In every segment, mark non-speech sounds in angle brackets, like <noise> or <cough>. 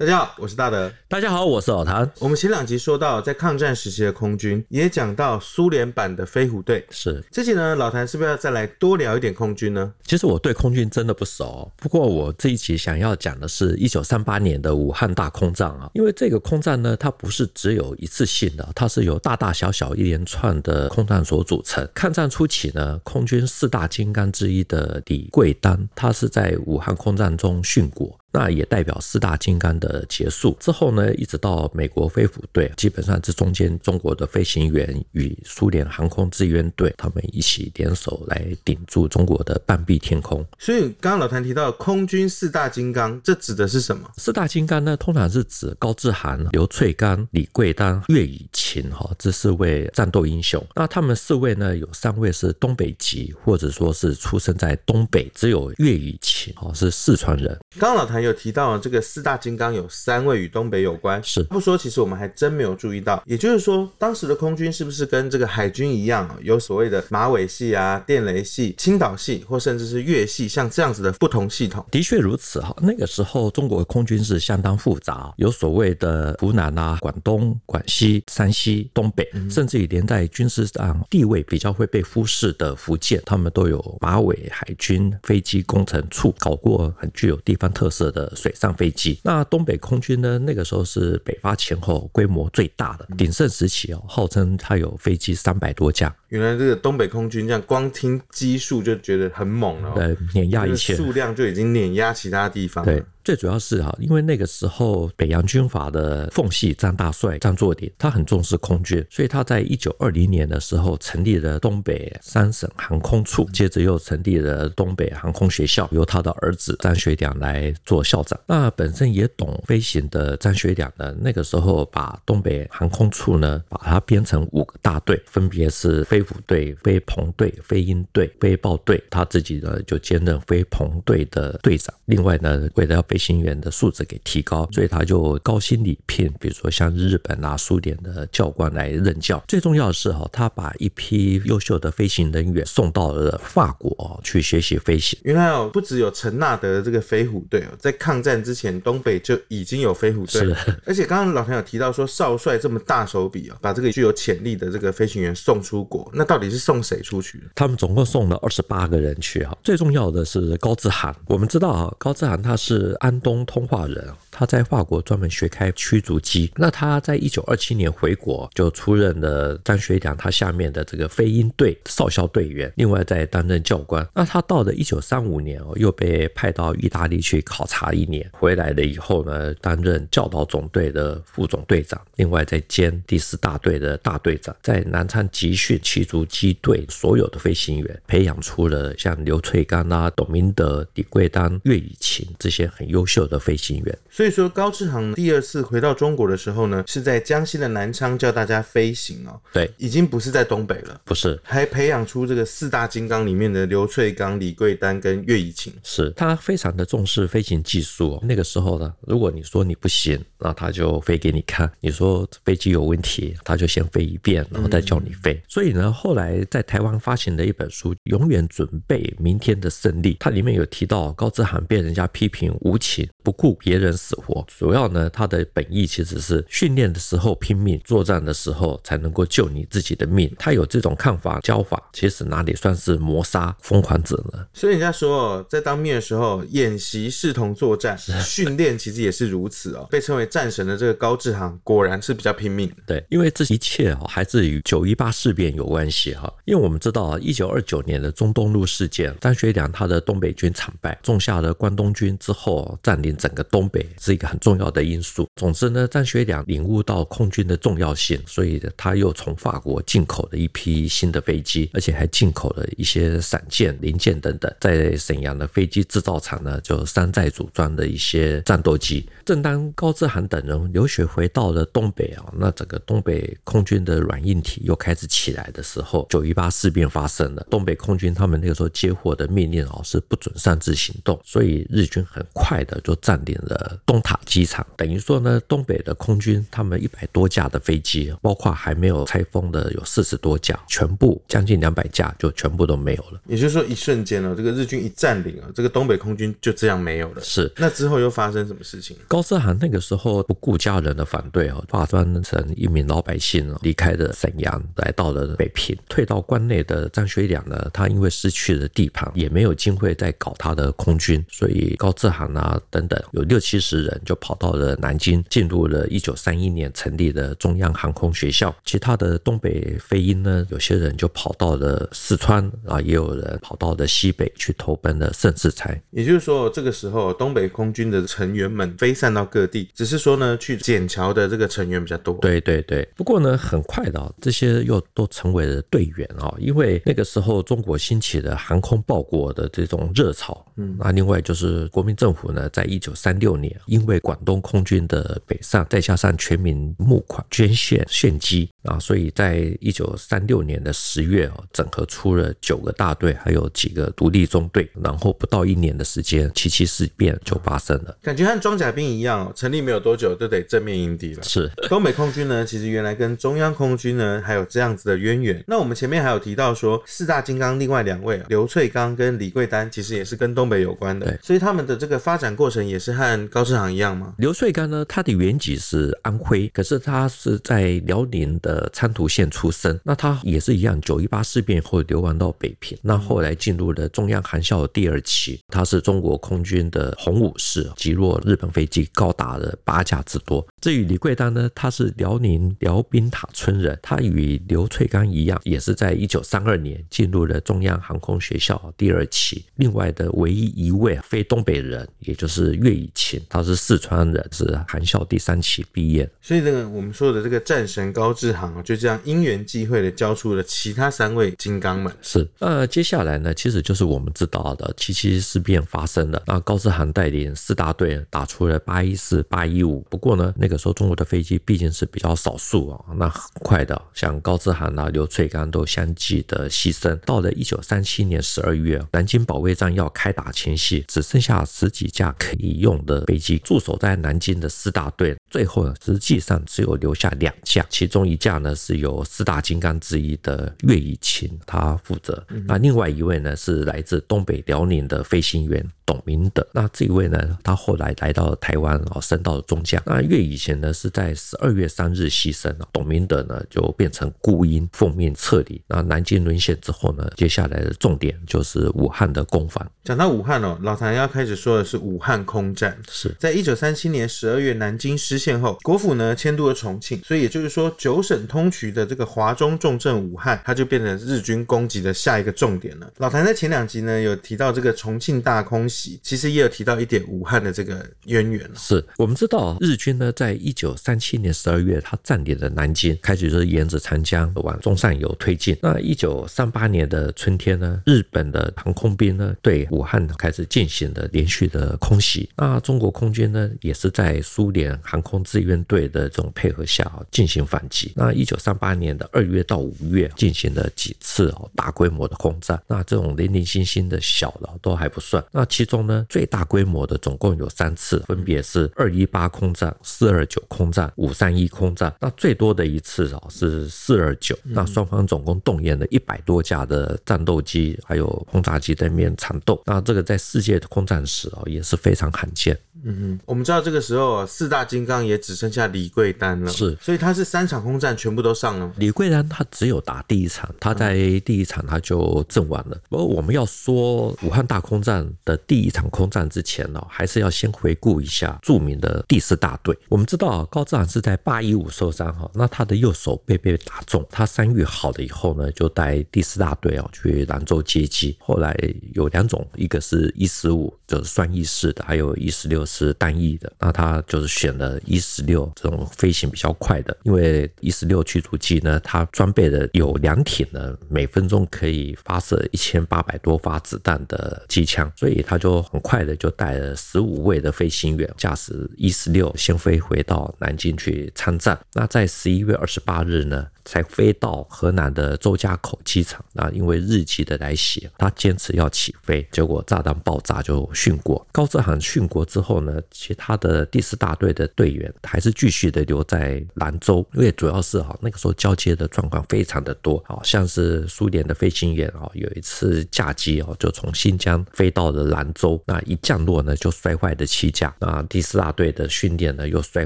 大家好，我是大德。大家好，我是老譚。我們前兩集說到在抗戰時期的空軍，也講到蘇聯版的飛虎隊。是。這集呢，老譚是不是要再來多聊一點空軍呢？其實我對空軍真的不熟，不過我這一集想要講的是一九三八年的武漢大空戰啊，因為這個空戰呢，它不是只有一次性的，它是由大大小小一連串的空戰所組成。抗戰初期呢，空軍四大金剛之一的李桂丹，他是在武漢空戰中殉國。那也代表四大金剛的結束之後呢，一直到美國飛虎隊，基本上這中間中國的飛行員與蘇聯航空志願隊他們一起聯手來頂住中國的半壁天空。所以剛剛老譚提到空軍四大金剛，這指的是什麼？四大金剛呢，通常是指高志航、劉粹剛、李桂丹、樂以琴哈，這四位戰鬥英雄。那他們四位呢，有三位是東北籍，或者說是出生在東北，只有樂以琴哦，是四川人。剛老譚。有提到了這個四大金剛有三位與東北有關是，是不說，其實我們還真沒有注意到。也就是說，當時的空軍是不是跟這個海軍一樣，有所謂的馬尾系啊、電雷系、青島系，或甚至是粵系，像這樣子的不同系統？的確如此哈。那個時候，中國空軍是相當複雜，有所謂的湖南啊、廣東、廣西、山西、東北，嗯，甚至於連在軍事上地位比較會被忽視的福建，他們都有馬尾海軍飛機工程處搞過，很具有地方特色。的水上飛機，那東北空軍呢？那個時候是北伐前後規模最大的鼎盛時期哦，號稱它有飛機三百多架。原來這個東北空軍這樣，光聽基數就覺得很猛了，哦，對，碾壓一切，就是，數量就已經碾壓其他地方了。對，最主要是哈，因為那個時候北洋軍閥的奉系張大帥張作霖，他很重視空軍，所以他在一九二零年的時候成立了東北三省航空處，接着又成立了東北航空學校，由他的兒子張學良來做校長。那本身也懂飛行的張學良呢，那個時候把東北航空處呢，把它編成五個大隊，分別是飛。飛虎隊、飛鵬隊、飛鷹隊、飛豹隊，他自己呢就兼任飛鵬隊的隊長。另外呢，為了要飛行員的素質給提高，所以他就高薪禮聘，比如說像日本啊、蘇聯的教官來任教。最重要的是哈、喔，他把一批優秀的飛行人員送到了法國、喔、去學習飛行。原來哦、喔，不只有陳納德這個飛虎隊哦、喔，在抗戰之前，東北就已經有飛虎隊、喔。了。是。而且剛剛老譚有提到說，少帥這麼大手筆啊、喔，把這個具有潛力的這個飛行員送出國。那到底是送誰出去？他們總共送了二十八個人去哈。最重要的是高志航，我們知道啊，高志航他是安東通化人。他在法國專門學開驅逐機，那他在一九二七年回國，就出任了張學良他下面的這個飛鷹隊少校隊員，另外再擔任教官。那他到了一九三五年哦，又被派到意大利去考察一年，回來了以後呢，擔任教導總隊的副總隊長，另外再兼第四大隊的大隊長，在南昌集訓驅逐機隊所有的飛行員，培養出了像劉粹剛啊、董明德、李桂丹、樂以琴這些很優秀的飛行員，所以。說高志航第二次回到中國的時候呢，是在江西的南昌教大家飛行哦。對，已經不是在東北了，不是，還培養出這個四大金剛裡面的劉粹剛、李桂丹跟樂以琴。是他非常的重視飛行技術哦。那個時候呢，如果你說你不行，那他就飛給你看；你說飛機有問題，他就先飛一遍，然後再叫你飛。嗯嗯。所以呢，後來在台灣發行的一本書《永遠準備明天的勝利》，它裡面有提到高志航被人家批評無情，不顧別人死。主要呢，他的本意其實是訓練的時候拼命，作戰的時候才能夠救你自己的命。他有這種看法、教法，其實哪裡算是謀殺瘋狂者呢？所以人家說，在當面的時候，演習視同作戰，訓練其實也是如此哦。 <laughs> 被稱為戰神的這個高志航，果然是比較拼命。對，因為這一切哦，還是與九一八事變有關係哈。因為我們知道啊，一九二九年的中東路事件，張學良他的東北軍慘敗，種下了關東軍之後，佔領整個東北。是一個很重要的因素。總之呢，張學良領悟到空軍的重要性，所以他又從法國進口了一批新的飛機，而且還進口了一些散件、零件等等。在瀋陽的飛機製造廠呢，就山寨組裝的一些戰鬥機。正當高志航等人留學回到了東北啊，那整個東北空軍的軟硬體又開始起來的時候，九一八事變發生了。東北空軍他們那個時候接獲的命令啊，是不准擅自行動，所以日軍很快的就佔領了。東塔機場等於說呢，東北的空軍他們一百多架的飛機，包括還沒有拆封的有四十多架，全部將近兩百架就全部都沒有了。也就是說，一瞬間呢，這個日軍一占領啊，這個東北空軍就這樣沒有了。是，那之後又發生什麼事情？高志航那個時候不顧家人的反對哦，化妝成一名老百姓離開了沈陽，來到了北平，退到關內的張學良呢，他因為失去了地盤，也沒有機會再搞他的空軍，所以高志航啊等等有六七十。人就跑到了南京，進入了一九三一年成立的中央航空學校。其他的東北飛鷹呢，有些人就跑到了四川，啊，也有人跑到了西北去投奔了盛世才。也就是說，這個時候東北空軍的成員們飛散到各地，只是說呢，去筧橋的這個成員比較多。對對對，不過呢，很快的、哦，這些又都成為了隊員啊、哦，因為那個時候中國興起了航空報國的這種熱潮。嗯，那另外就是國民政府呢，在一九三六年。因為廣東空軍的北上，再加上全民募款捐獻獻機啊，所以在一九三六年的十月，整合出了九個大隊，還有幾個獨立中隊。然後不到一年的時間，七七事變就發生了。感覺和裝甲兵一樣、哦，成立沒有多久就得正面迎敵了。是東北空軍呢，其實原來跟中央空軍呢還有這樣子的淵源。那我們前面還有提到說四大金剛，另外兩位啊，劉翠剛跟李桂丹，其實也是跟東北有關的，對，所以他們的這個發展過程也是和高升一樣嗎？劉粹剛呢？他的原籍是安徽，可是他是在遼寧的昌圖縣出生。那他也是一樣，九一八事變後流亡到北平，那後來進入了中央航校的第二期。他是中國空軍的紅武士，擊落日本飛機高達了八架之多。至於李桂丹呢，他是遼寧遼濱塔村人，他與劉粹剛一樣，也是在一九三二年進入了中央航空學校第二期。另外的唯一一位非東北人，也就是樂以琴，他是四川人，是航校第三期畢業。所以這、那個我們說的這個戰神高志航就這樣因緣際會的教出了其他三位金剛們。是。呃，接下來呢，其實就是我們知道的七七事變發生了。那高志航帶領四大隊打出了八一四、八一五。不過呢，那那、這個時候，中國的飛機畢竟是比較少數啊、哦，那很快的，像高志航啊、劉粹剛、剛都相繼的犧牲。到了一九三七年十二月，南京保衛戰要開打前夕，只剩下十幾架可以用的飛機駐守在南京的四大隊，最後實際上只有留下兩架，其中一架呢是由四大金剛之一的樂以琴他負責、嗯，那另外一位呢是來自東北遼寧的飛行員。董明德，那這一位呢，他後來來到了台灣哦，升到了中將。那樂以琴呢，是在十二月三日犧牲了。董明德呢，就變成孤鷹奉命撤離。那南京淪陷之後呢，接下來的重點就是武漢的攻防。講到武漢哦，老譚要開始說的是武漢空戰。是在一九三七年十二月南京失陷後，國府呢，遷都了重慶，所以也就是說，九省通衢的這個華中重鎮武漢，它就變成日軍攻擊的下一個重點了。老譚在前兩集呢，有提到這個重慶大空其實也有提到一點武漢的這個淵源、哦、是我們知道，日軍呢，在一九三七年十二月，他占領了南京，開始是沿着長江往中上游推進。那一九三八年的春天呢，日本的航空兵呢，對武漢開始進行了連續的空襲。那中國空軍呢，也是在蘇聯航空志願隊的這種配合下、哦、進行反擊。那一九三八年的二月到五月，進行了幾次、哦、大規模的空戰。那這種零零星星的小的、哦、都還不算。那其中中呢，最大規模的總共有三次，分別是二一八空戰、四二九空戰、五三一空戰。那最多的一次啊是四二九，那雙方總共動員了一百多架的戰鬥機還有轟炸機在裡面纏鬥。那這個在世界的空戰史啊也是非常罕見。嗯哼，我們知道這個時候四大金剛也只剩下李桂丹了，是，所以他是三場空戰全部都上了。李桂丹他只有打第一場，他在第一場他就陣亡了，嗯。不過我們要說武漢大空戰的第一場空戰之前呢，哦，還是要先回顧一下著名的第四大隊。我們知道啊，高志航是在八一五受傷哈，哦，那他的右手被被打中，他傷愈好了以後呢，就帶第四大隊啊、哦、去蘭州接機。後來有兩種，一個是一十五是雙翼式的，還有一十六，是單翼的，那他就是選了伊十六這種飛行比較快的，因為伊十六驅逐機呢，它裝備的有兩挺呢，每分鐘可以發射一千八百多發子彈的機槍，所以他就很快的就帶了十五位的飛行員駕駛伊十六先飛回到南京去參戰。那在十一月二十八日呢，才飛到河南的周家口機場啊，那因為日機的來襲，他堅持要起飛，結果炸彈爆炸就殉國。高志航殉國之後呢，其他的第四大隊的隊員還是繼續的留在蘭州，因為主要是哈、哦、那個時候交接的狀況非常的多，好、哦、像是蘇聯的飛行員啊、哦，有一次駕機哦就從新疆飛到了蘭州，那一降落呢就摔壞的七架，啊，第四大隊的訓練呢又摔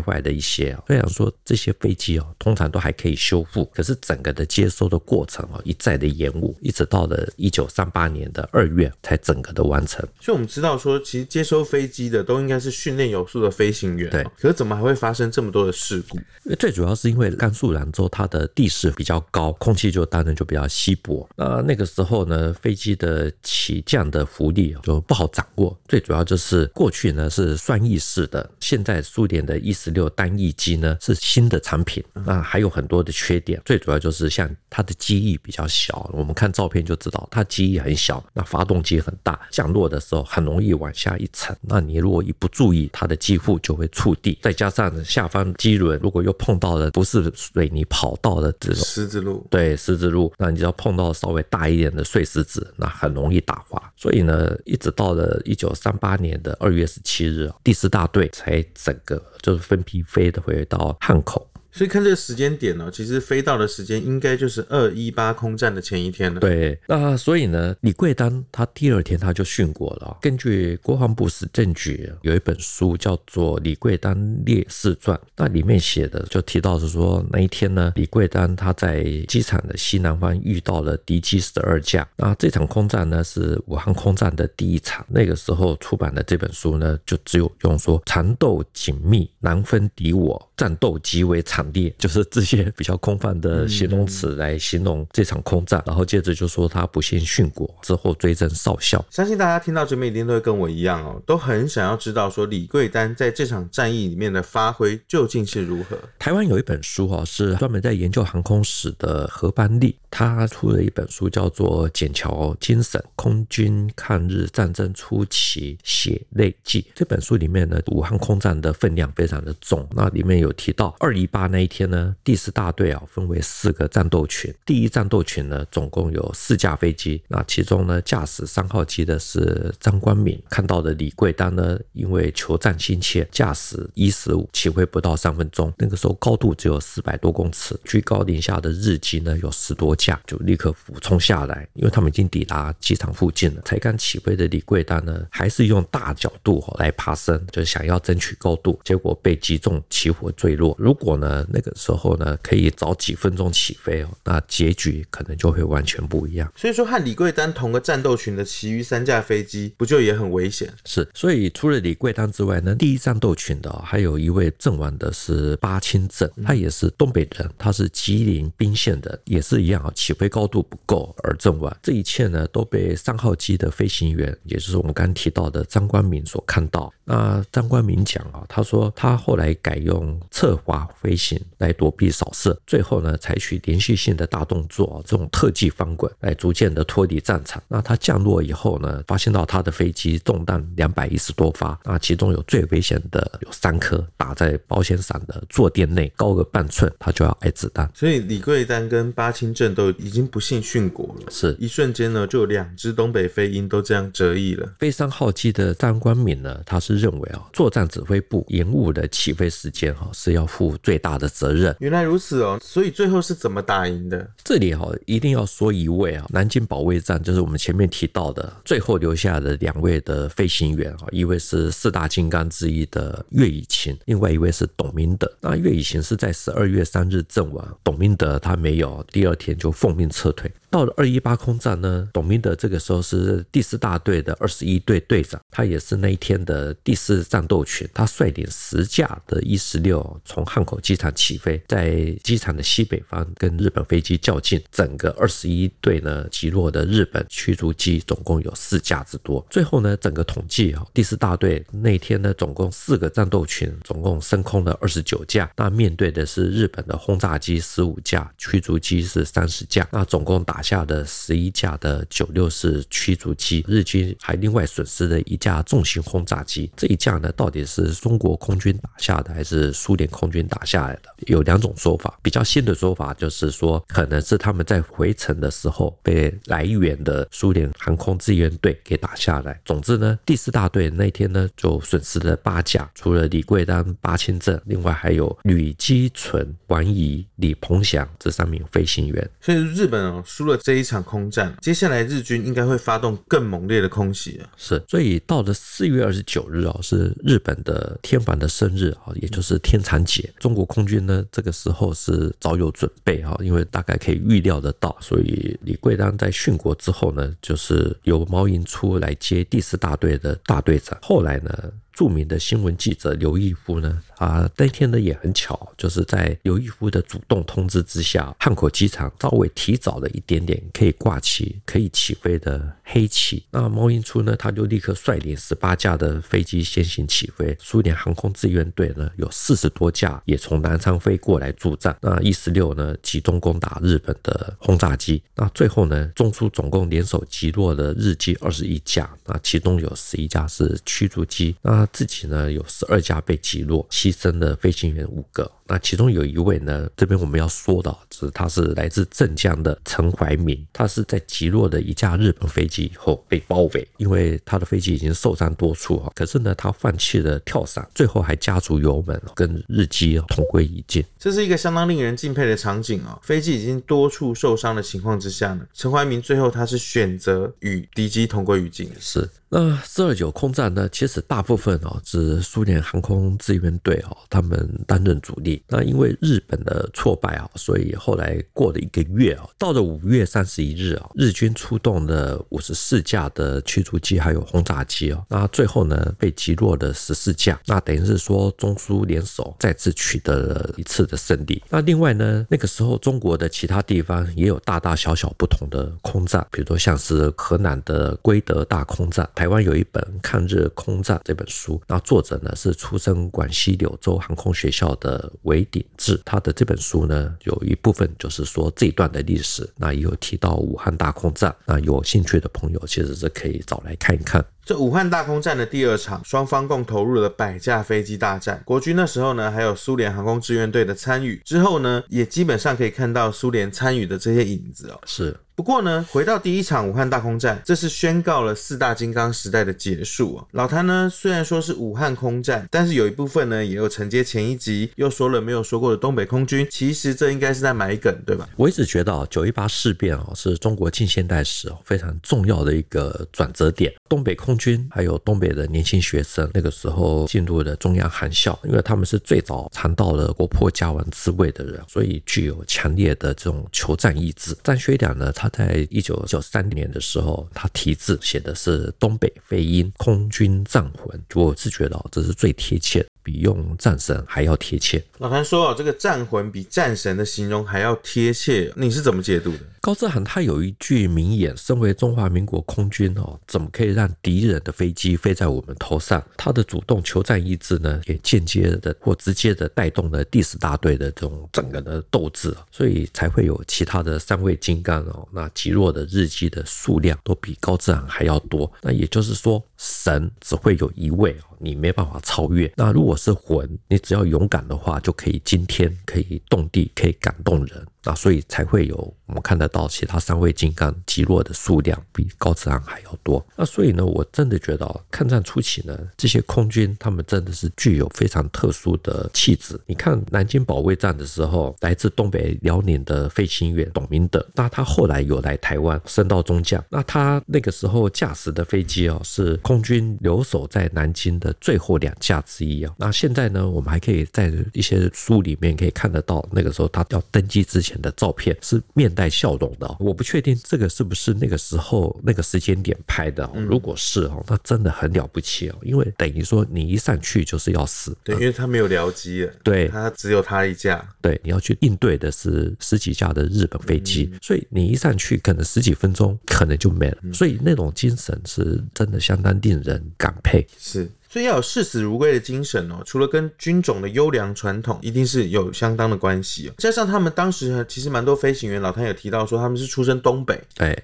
壞了一些、哦，雖然說這些飛機哦通常都還可以修復。可是整個的接收的過程啊，一再的延誤，一直到了一九三八年的二月才整個的完成。所以我們知道說，其實接收飛機的都應該是訓練有素的飛行員。對，可是怎麼還會發生這麼多的事故？最主要是因為甘肅蘭州它的地勢比較高，空氣就當然就比較稀薄。那那個時候呢，飛機的起降的浮力就不好掌握。最主要就是過去呢是雙翼式的，現在蘇聯的伊十六單翼機呢是新的產品、嗯，那還有很多的缺點。最主要就是像它的機翼比較小，我們看照片就知道它機翼很小，那發動機很大，降落的時候很容易往下一沉。那你如果一不注意，它的機腹就會觸地，再加上下方機輪如果又碰到了不是水泥跑道的這種石子路，對，石子路，那你只要碰到稍微大一點的碎石子，那很容易打滑。所以呢，一直到了一九三八年的二月十七日，第四大隊才整個就是分批飛的回到漢口。所以看這個時間點呢，其實飛到的時間應該就是二一八空戰的前一天了。對，那所以呢，李桂丹他第二天他就殉國了。根據國防部史證據，有一本書叫做《李桂丹烈士傳》，那裡面寫的就提到是說那一天呢，李桂丹他在機場的西南方遇到了敵機十二架。那這場空戰呢是武漢空戰的第一場。那個時候出版的這本書呢，就只有用說纏鬥緊密，難分敵我，戰鬥極為慘。就是這些比較空泛的形容詞來形容這場空戰、嗯嗯，然後接着就說他不幸殉國之後追贈少校。相信大家聽到這邊一定都會跟我一樣哦，都很想要知道說李桂丹在這場戰役裡面的發揮究竟是如何。台灣有一本書哦，是專門在研究航空史的何邦立，他出了一本書叫做《笕橋精神：空軍抗日戰爭初期血淚記》。這本書裡面呢，武漢空戰的分量非常的重。那裡面有提到二一八。那一天呢，第四大隊啊分為四個戰鬥群，第一戰鬥群呢總共有四架飛機，那其中呢駕駛三號機的是張光明，看到的李桂丹呢，因為求戰心切，駕駛一十五起飛不到三分鐘，那個時候高度只有四百多公尺，居高臨下的日機呢有十多架就立刻俯衝下來，因為他們已經抵達機場附近了，才剛起飛的李桂丹呢還是用大角度來爬升，就是想要爭取高度，結果被擊中起火墜落，如果呢？那個時候呢，可以早幾分鐘起飛哦，那結局可能就會完全不一樣。所以說，和李桂丹同個戰鬥群的其餘三架飛機，不就也很危險？是，所以除了李桂丹之外呢，第一戰鬥群的、哦、還有一位陣亡的是巴清正，他也是東北人，他是吉林賓縣的，也是一樣啊、哦，起飛高度不夠而陣亡。這一切呢，都被三號機的飛行員，也就是我們剛提到的張光明所看到。那張光明講啊、哦，他說他後來改用側滑飛行。來躲避掃射，最後呢，採取連續性的大動作，啊，這種特技翻滾，來逐漸的脫離戰場。那他降落以後呢，發現到他的飛機中彈兩百一十多發，那其中有最危險的有三顆打在保險傘的坐墊內，高個半寸，他就要挨子彈。所以李桂丹跟巴清正都已經不幸殉國了。是一瞬間呢，就有兩隻東北飛鷹都這樣折翼了。飛三號機的張光明呢，他是認為啊、哦，作戰指揮部延誤的起飛時間哈、哦、是要付最大。他的責任，原來如此哦。所以最後是怎麼打贏的？這裡哈一定要說一位啊，南京保衛戰就是我們前面提到的最後留下的兩位的飛行員啊，一位是四大金剛之一的樂以琴，另外一位是董明德。那樂以琴是在十二月三日陣亡，董明德他沒有，第二天就奉命撤退。到了二一八空戰呢，董明德這個時候是第四大隊的二十一隊隊長，他也是那一天的第四戰鬥群，他率領十架的 E-16 從漢口機場起飛，在機場的西北方跟日本飛機較勁，整個二十一隊呢擊落的日本驅逐機總共有四架之多。最後呢，整個統計啊、哦，第四大隊那天呢總共四個戰鬥群，總共升空了二十九架，那面對的是日本的轟炸機十五架，驅逐機是三十架，那總共打下的十一架的九六式驅逐機，日軍還另外損失了一架重型轟炸機。這一架呢，到底是中國空軍打下的，還是蘇聯空軍打下來的？有兩種說法。比較新的說法就是說，可能是他們在回程的時候被來援的蘇聯航空志願隊給打下來。總之呢，第四大隊那天呢就損失了八架，除了李桂丹、巴清正，另外還有呂基純、王怡、李鵬翔這三名飛行員。所以日本啊，輸了。這一場空戰，接下來日軍應該會發動更猛烈的空襲、啊、是，所以到了四月二十九日啊、哦，是日本的天皇的生日啊、哦，也就是天長節。中國空軍呢，這個時候是早有準備哈、哦，因為大概可以預料得到。所以李桂丹在殉國之後呢，就是由毛瀛初來接第四大隊的大隊長。後來呢，著名的新聞記者劉毅夫呢，啊、呃，那天呢也很巧，就是在劉毅夫的主動通知之下，漢口機場稍微提早了一點點可以掛起、可以起飛的。黑旗。那毛瀛初呢，他就立刻率領十八架的飛機先行起飛。蘇聯航空志願隊呢，有四十多架也從南昌飛過來助戰。那 e 十六呢，集中攻打日本的轟炸機。那最後呢，中蘇總共聯手擊落了日機二十一架，那其中有十一架是驅逐機，那自己呢有十二架被擊落，犧牲的飛行員五個。那其中有一位呢，這邊我們要說的，是他是來自鎮江的陳懷民，他是在擊落的一架日本飛機以後被包圍，因為他的飛機已經受傷多處啊。可是呢，他放棄了跳傘，最後還加足油門，跟日機同歸於盡。這是一個相當令人敬佩的場景啊，哦！飛機已經多處受傷的情況之下呢，陳懷民最後他是選擇與敵機同歸於盡，是。那四二九空戰呢？其實大部分哦是蘇聯航空志願隊哦，他們擔任主力。那因為日本的挫敗啊、哦，所以後來過了一個月啊、哦，到了五月三十一日啊、哦，日軍出動了五十四架的驅逐機還有轟炸機哦，那最後呢被擊落了十四架。那等於是說中蘇聯手再次取得了一次的勝利。那另外呢，那個時候中國的其他地方也有大大小小不同的空戰，比如說像是河南的歸德大空戰。台灣有一本《抗日空戰》這本書，那作者呢是出身廣西柳州航空學校的韋鼎志，他的這本書呢有一部分就是說這一段的歷史，那也有提到武漢大空戰，那有興趣的朋友其實是可以找來看一看。這武漢大空戰的第二場，雙方共投入了百架飛機大戰。國軍那時候呢，還有蘇聯航空志願隊的參與。之後呢，也基本上可以看到蘇聯參與的這些影子哦。是。不過呢，回到第一場武漢大空戰，這是宣告了四大金剛時代的結束哦。老譚呢，雖然說是武漢空戰，但是有一部分呢，也有承接前一集又說了沒有說過的東北空軍。其實這應該是在埋梗對吧？我一直覺得哦，九一八事變哦，是中國近現代史哦，非常重要的一個轉折點。東北空。軍還有東北的年輕學生，那個時候進入了中央航校，因為他們是最早嘗到了國破家亡滋味的人，所以具有強烈的這種求戰意志。張學良呢，他在一九九三年的時候，他題字寫的是“東北飛鷹空軍戰魂”，我是覺得這是最貼切的。比用戰神還要貼切。老譚說啊，這個戰魂比戰神的形容還要貼切，你是怎麼解讀的？高志航他有一句名言：“身為中華民國空軍哦，怎麼可以讓敵人的飛機飛在我們頭上？”他的主動求戰意志呢，也間接的或直接的帶動了第十大隊的這種整個的鬥志。所以才會有其他的三位金剛哦，那擊落的日機的數量都比高志航還要多。那也就是說，神只會有一位哦，你沒辦法超越。那如果我是魂，你只要勇敢的話，就可以驚天，可以動地，可以感動人。那所以才會有我們看得到其他三位金剛擊落的數量比高志航還要多。那所以呢，我真的覺得抗戰初期呢，這些空軍他們真的是具有非常特殊的氣質。你看南京保衛戰的時候，來自東北遼寧的飛行員董明德，那他後來有來台灣升到中將。那他那個時候駕駛的飛機哦，是空軍留守在南京的最後兩架之一啊、哦。那現在呢，我們還可以在一些書裡面可以看得到，那個時候他要登機之前。的照片是面帶笑容的哦，我不確定這個是不是那個時候那個時間點拍的哦。如果是哦，那真的很了不起哦，因為等於說你一上去就是要死，嗯，對，因為他沒有僚機了，對，他只有他一架，對，你要去應對的是十幾架的日本飛機，所以你一上去可能十幾分鐘可能就沒了，所以那種精神是真的相當令人感佩，是。所以要有視死如歸的精神哦，除了跟軍種的優良傳統，一定是有相當的關係，加上他們當時其實蠻多飛行員，老譚有提到說他們是出生東北，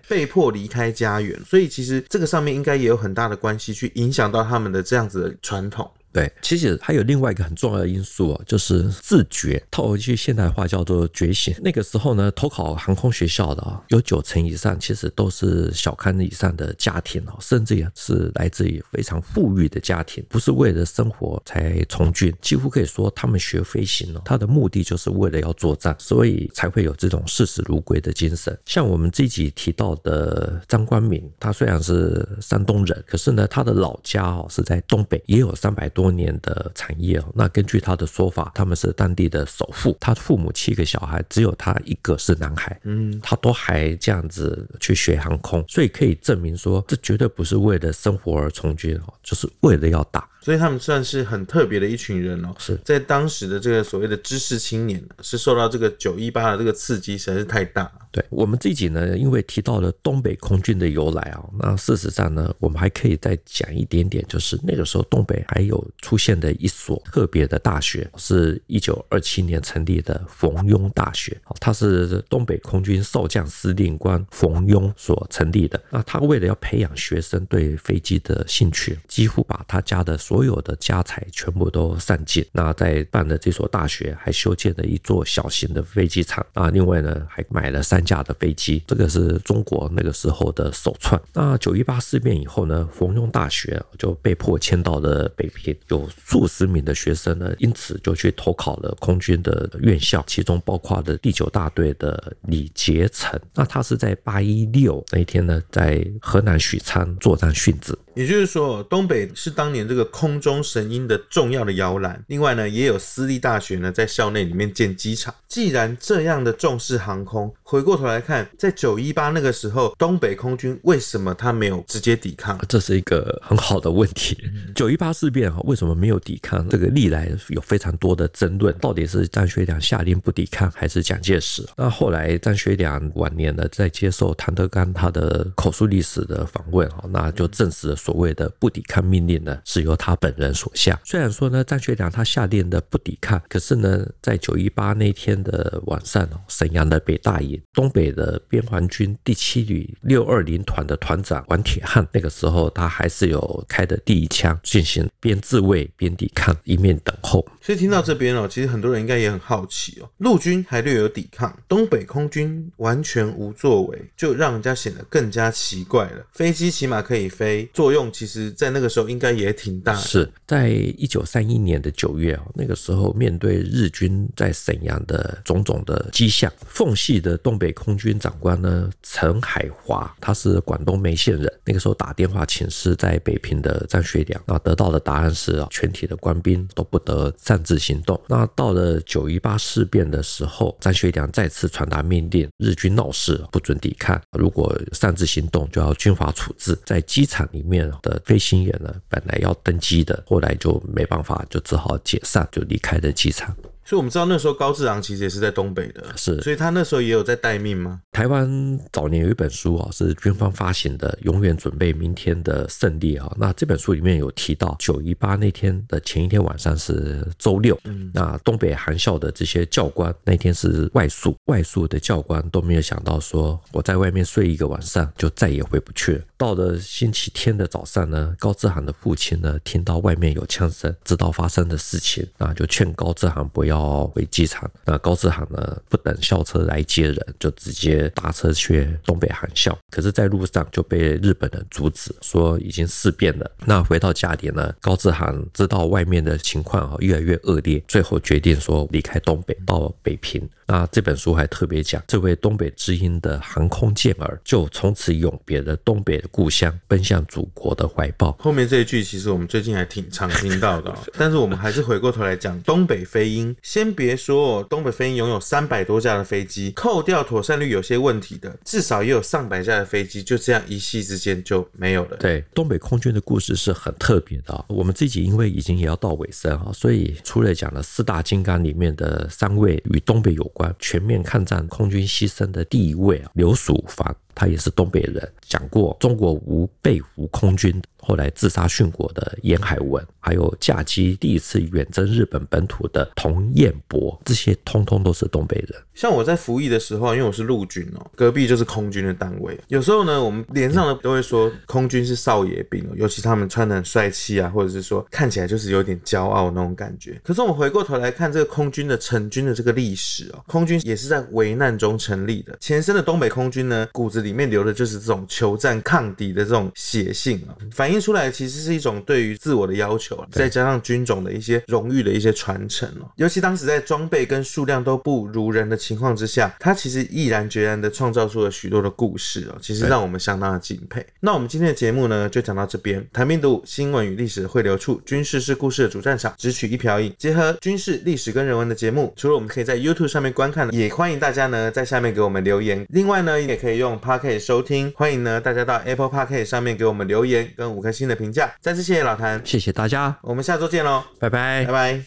被迫離開家園，所以其實這個上面應該也有很大的關係去影響到他們的這樣子的傳統。對，其實還有另外一個很重要的因素哦，就是自覺，套一句現代話叫做覺醒。那個時候呢，投考航空學校的啊、哦，有九成以上其實都是小康以上的家庭哦，甚至也是來自於非常富裕的家庭，不是為了生活才從軍，幾乎可以說他們學飛行哦，他的目的就是為了要作戰，所以才會有這種視死如歸的精神。像我們這一集提到的張光明，他雖然是山東人，可是呢，他的老家哦是在東北，也有三百多。多年的產業哦，那根據他的說法，他們是當地的首富，他父母七個小孩，只有他一個是男孩，嗯，他都還這樣子去學航空，所以可以證明說，這絕對不是為了生活而從軍哦，就是為了要打。所以他們算是很特別的一群人、喔、是，在當時的這個所謂的知識青年、啊，是受到這個九一八的這個刺激實在是太大。對我們自己呢，因為提到了東北空軍的由來啊、喔，那事實上呢，我們還可以再講一點點，就是那個時候東北還有出現的一所特別的大學，是一九二七年成立的馮庸大學、喔，它是東北空軍少將司令官馮庸所成立的。那他為了要培養學生對飛機的興趣，幾乎把他家的。所有的家財全部都散盡，那在辦的這所大學還修建了一座小型的飛機場，啊，另外呢還買了三架的飛機，這個是中國那個時候的首創。那九一八事變以後呢，馮庸大學就被迫遷到了北平，有數十名的學生呢，因此就去投考了空軍的院校，其中包括了第九大隊的李杰成，那他是在八一六那一天呢，在河南許昌作戰殉職。也就是說，東北是當年這個空。空中神鷹的重要的搖籃。另外呢，也有私立大學呢，在校內裡面建機場。既然這樣的重視航空，回過頭來看，在九一八那個時候，東北空軍為什麼他沒有直接抵抗？這是一個很好的問題。九一八事變啊，為什麼沒有抵抗？這個歷來有非常多的爭論，到底是張學良下令不抵抗，還是蔣介石？那後來張學良晚年呢，在接受唐德剛他的口述歷史的訪問，那就證實了所謂的不抵抗命令呢，是由他。他本人所下。雖然說呢，張學良他下令的不抵抗，可是呢，在九一八那天的晚上，瀋陽的北大營，東北的邊防軍第七旅六二零團的團長王鐵漢，那個時候他還是有開的第一槍，進行邊自衛邊抵抗，一面等候。所以聽到這邊哦，其實很多人應該也很好奇哦，陸軍還略有抵抗，東北空軍完全無作為，就讓人家顯得更加奇怪了。飛機起碼可以飛，作用其實，在那個時候應該也挺大。是在一九三一年的九月啊，那個時候面對日軍在瀋陽的種種的跡象，奉系的東北空軍長官呢，陳海華，他是廣東梅縣人，那個時候打電話請示在北平的張學良啊，那得到的答案是啊，全體的官兵都不得擅自行動。那到了九一八事變的時候，張學良再次傳達命令，日軍鬧事不准抵抗，如果擅自行動就要軍法處置。在機場裡面的飛行員呢，本來要登機。機的，後來就沒辦法，就只好解散，就離開了機場。所以我們知道那時候高志航其實也是在東北的，是，所以他那時候也有在待命嗎？台灣早年有一本書啊，是軍方發行的《永遠準備明天的勝利》啊。那這本書裡面有提到，九一八那天的前一天晚上是周六，嗯，那東北航校的這些教官那天是外宿，外宿的教官都沒有想到說我在外面睡一個晚上就再也回不去了。到了星期天的早上呢，高志航的父親呢聽到外面有槍聲，知道發生的事情，那就勸高志航不要。哦，回機場，那高志航呢，不等校車來接人，就直接搭車去東北航校。可是，在路上就被日本人阻止，說已經事變了。那回到家裡呢，高志航知道外面的情況越來越惡劣，最後決定說離開東北，到北平。那這本書還特別講，這位東北之鷹的航空健兒，就從此永別了東北的故鄉，奔向祖國的懷抱。後面這一句，其實我們最近還挺常聽到的，哦。 <laughs> 但是，我們還是回過頭來講，東北飛鷹。先別說，東北飛擁有三百多架的飛機，扣掉妥善率有些問題的，至少也有上百架的飛機，就這樣一夕之間就沒有了。對，東北空軍的故事是很特別的。我們自己因為已經也要到尾聲啊，所以除了講了四大金剛裡面的三位與東北有關，全面抗戰空軍犧牲的第一位啊，劉樹藩。他也是東北人，講過中國無被俘空軍，後來自殺殉國的閻海文，還有駕機第一次遠征日本本土的佟彥博，這些通通都是東北人。像我在服役的時候，因為我是陸軍哦、喔，隔壁就是空軍的單位，有時候呢，我們連上呢都會說空軍是少爺兵哦，尤其他們穿的很帥氣啊，或者是說看起來就是有點驕傲那種感覺。可是我們回過頭來看這個空軍的成軍的這個歷史哦、喔，空軍也是在危難中成立的，前身的東北空軍呢，骨子裡。裡面留的就是這種求戰抗敵的這種血性啊、喔，反映出來的其實是一種對於自我的要求啊，再加上軍種的一些榮譽的一些傳承哦、喔。尤其當時在裝備跟數量都不如人的情況之下，他其實毅然決然的創造出了許多的故事哦、喔，其實讓我們相當的敬佩。那我們今天的節目呢，就講到這邊。譚兵讀武新聞與歷史的匯流處，軍事是故事的主戰場，只取一瓢飲，結合軍事歷史跟人文的節目。除了我們可以在 YouTube 上面觀看，也歡迎大家呢在下面給我們留言。另外呢，也可以用 Par。可以收聽，歡迎呢，大家到 Apple Podcast 上面給我們留言跟五顆星的評價。再次謝謝老譚，謝謝大家，我們下周見嘍，拜拜，拜拜。